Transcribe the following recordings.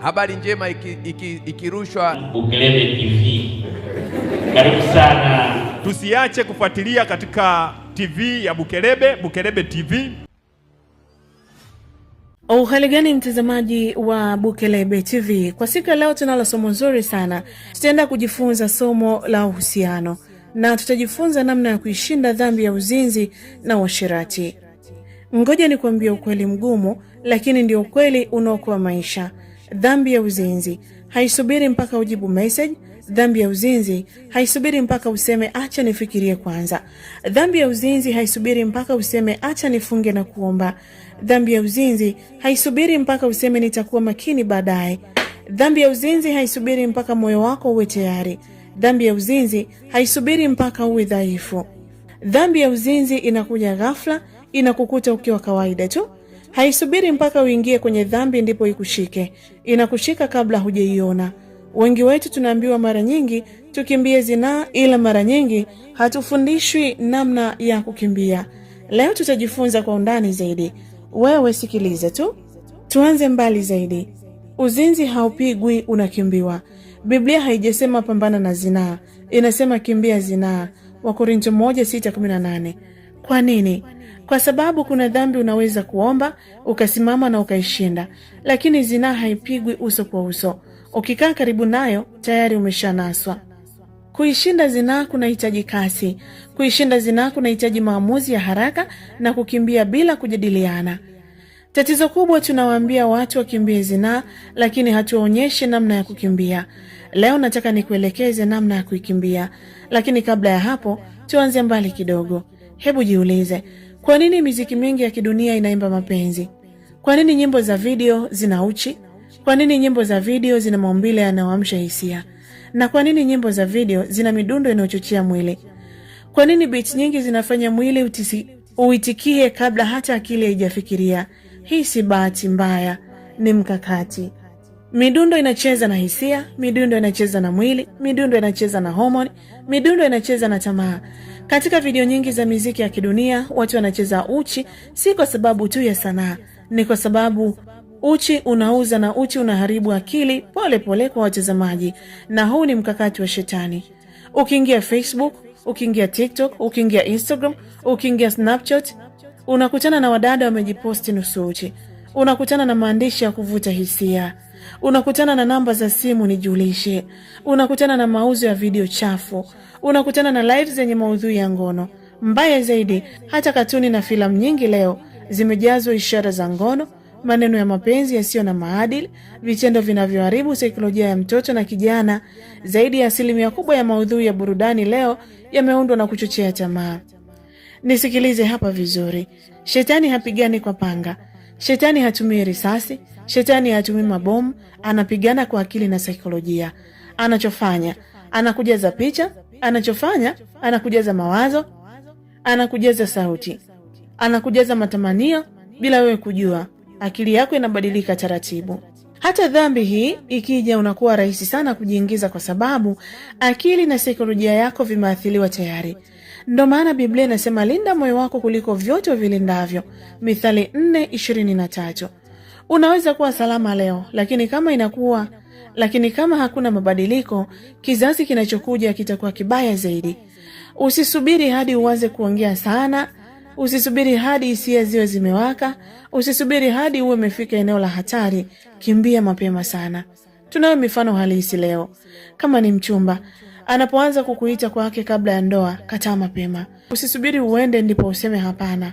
Habari njema ikirushwa iki, iki Bukelebe TV. Karibu sana, tusiache kufuatilia katika TV ya Bukelebe, Bukelebe TV. Uhali oh, gani mtazamaji wa Bukelebe TV, kwa siku ya leo tunalo somo nzuri sana. Tutaenda kujifunza somo la uhusiano na tutajifunza namna ya kuishinda dhambi ya uzinzi na uasherati. Ngoja nikwambie ukweli mgumu, lakini ndio ukweli unaokoa maisha. Dhambi ya uzinzi haisubiri mpaka ujibu message. Dhambi ya uzinzi haisubiri mpaka useme acha nifikirie kwanza. Dhambi ya uzinzi haisubiri mpaka useme acha nifunge na kuomba. Dhambi ya uzinzi haisubiri mpaka useme nitakuwa makini baadaye. Dhambi ya uzinzi haisubiri mpaka moyo wako uwe tayari. Dhambi ya uzinzi haisubiri mpaka uwe dhaifu. Dhambi ya uzinzi inakuja ghafla, inakukuta ukiwa kawaida tu. Haisubiri mpaka uingie kwenye dhambi ndipo ikushike, inakushika kabla hujaiona. Wengi wetu tunaambiwa mara nyingi tukimbie zinaa, ila mara nyingi hatufundishwi namna ya kukimbia. Leo tutajifunza kwa undani zaidi. Wewe sikiliza tu, tuanze mbali zaidi. Uzinzi haupigwi, unakimbiwa. Biblia haijasema pambana na zinaa, inasema kimbia zinaa. Wakorintho 16 kwa nini? Kwa sababu kuna dhambi unaweza kuomba ukasimama na ukaishinda, lakini zinaa haipigwi uso kwa uso. Ukikaa karibu nayo tayari umeshanaswa. Kuishinda zinaa kunahitaji kasi. Kuishinda zinaa kunahitaji maamuzi ya haraka na kukimbia bila kujadiliana. Tatizo kubwa, tunawaambia watu wakimbie zinaa, lakini hatuwaonyeshi namna ya kukimbia. Leo nataka nikuelekeze namna ya kuikimbia, lakini kabla ya hapo tuanze mbali kidogo. Hebu jiulize, kwa nini miziki mingi ya kidunia inaimba mapenzi? Kwa nini nyimbo za video zina uchi? Kwa nini nyimbo za video zina maumbile yanayoamsha hisia? Na kwa nini nyimbo za video zina midundo inayochochea mwili? Kwa nini beats nyingi zinafanya mwili utisi, uitikie kabla hata akili haijafikiria? Hii si bahati mbaya, ni mkakati. Midundo inacheza na hisia, midundo inacheza na mwili, midundo inacheza na homoni, midundo inacheza na tamaa. Katika video nyingi za miziki ya kidunia, watu wanacheza uchi, si kwa sababu tu ya sanaa, ni kwa sababu uchi unauza na uchi unaharibu akili pole pole kwa watazamaji, na huu ni mkakati wa Shetani. Ukiingia Facebook, ukiingia TikTok, ukiingia Instagram, ukiingia Snapchat, unakutana na wadada wamejiposti nusu uchi, unakutana na maandishi ya kuvuta hisia unakutana na namba za simu nijulishe, unakutana na mauzo ya video chafu, unakutana na live zenye maudhui ya ngono. Mbaya zaidi, hata katuni na filamu nyingi leo zimejazwa ishara za ngono, maneno ya mapenzi yasiyo na maadili, vitendo vinavyoharibu saikolojia ya mtoto na kijana. Zaidi ya asilimia kubwa ya maudhui ya burudani leo yameundwa na kuchochea tamaa. Nisikilize hapa vizuri, shetani hapigani kwa panga, shetani hatumii risasi Shetani hatumii mabomu, anapigana kwa akili na saikolojia. Anachofanya anakujaza picha, anachofanya anakujaza mawazo, anakujaza sauti, anakujaza matamanio bila wewe kujua. Akili yako inabadilika taratibu. Hata dhambi hii ikija, unakuwa rahisi sana kujiingiza, kwa sababu akili na saikolojia yako vimeathiriwa tayari. Ndo maana Biblia inasema linda moyo wako kuliko vyote vilindavyo, Mithali 4:23. Unaweza kuwa salama leo, lakini kama inakuwa lakini kama hakuna mabadiliko, kizazi kinachokuja kitakuwa kibaya zaidi. Usisubiri hadi uanze kuongea sana, usisubiri hadi hisia ziwe zimewaka, usisubiri hadi uwe umefika eneo la hatari. Kimbia mapema sana. Tunayo mifano halisi leo. Kama ni mchumba anapoanza kukuita kwake kabla ya ndoa, kataa mapema. Usisubiri uende ndipo useme hapana.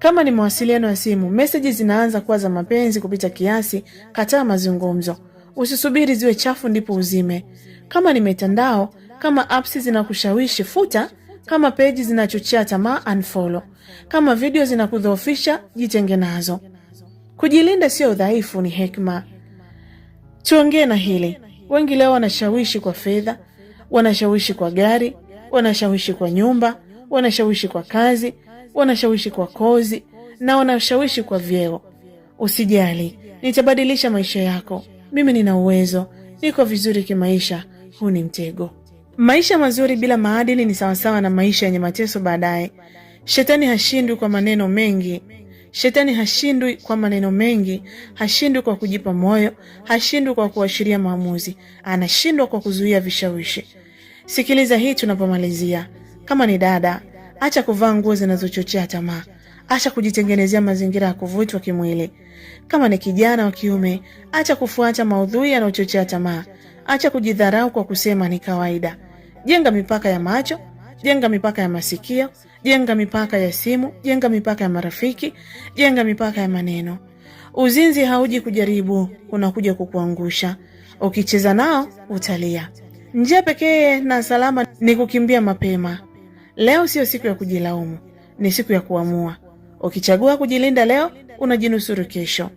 Kama ni mawasiliano ya simu, meseji zinaanza kuwa za mapenzi kupita kiasi, kataa mazungumzo. Usisubiri ziwe chafu ndipo uzime. Kama ni mitandao, kama apps zinakushawishi futa, kama peji zinachochea tamaa unfollow, kama video zinakudhoofisha jitenge nazo. Kujilinda sio udhaifu, ni hekima. Tuongee na hili. Wengi leo wanashawishi kwa fedha, wanashawishi kwa gari, wanashawishi kwa nyumba wanashawishi kwa kazi, wanashawishi kwa kozi na wanashawishi kwa vyeo. Usijali, nitabadilisha maisha yako. Mimi nina uwezo, niko vizuri kimaisha. Huu ni mtego. Maisha mazuri bila maadili ni sawasawa na maisha yenye mateso baadaye. Shetani hashindwi kwa maneno mengi. Shetani hashindwi kwa maneno mengi, hashindwi kwa kujipa moyo, hashindwi kwa kuashiria maamuzi, anashindwa kwa kuzuia vishawishi. Sikiliza hii tunapomalizia. Kama ni dada, acha kuvaa nguo zinazochochea tamaa, acha kujitengenezea mazingira ya kuvutwa kimwili. Kama ni kijana wa kiume, acha kufuata maudhui yanayochochea tamaa, acha kujidharau kwa kusema ni kawaida. Jenga mipaka ya macho, jenga mipaka ya masikio, jenga mipaka ya simu, jenga mipaka ya marafiki, jenga mipaka ya maneno. Uzinzi hauji kujaribu, unakuja kukuangusha. Ukicheza nao utalia. Njia pekee na salama ni kukimbia mapema. Leo sio siku ya kujilaumu, ni siku ya kuamua. Ukichagua kujilinda leo, unajinusuru kesho.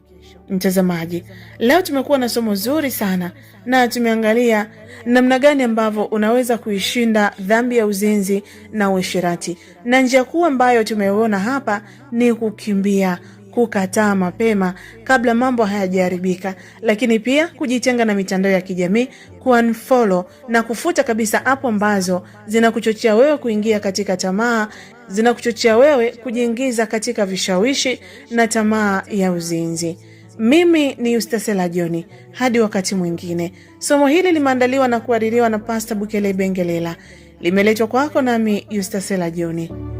Mtazamaji, leo tumekuwa na somo zuri sana na tumeangalia namna gani ambavyo unaweza kuishinda dhambi ya uzinzi na uasherati, na njia kuu ambayo tumeona hapa ni kukimbia kukataa mapema kabla mambo hayajaharibika, lakini pia kujitenga na mitandao ya kijamii, kuunfollow na kufuta kabisa app ambazo zinakuchochea wewe kuingia katika tamaa, zinakuchochea wewe kujiingiza katika vishawishi na tamaa ya uzinzi. Mimi ni Yustasela Joni, hadi wakati mwingine. Somo hili limeandaliwa na kuhaririwa na Pasta Bukele Bengelela, limeletwa kwako nami Yustasela Joni.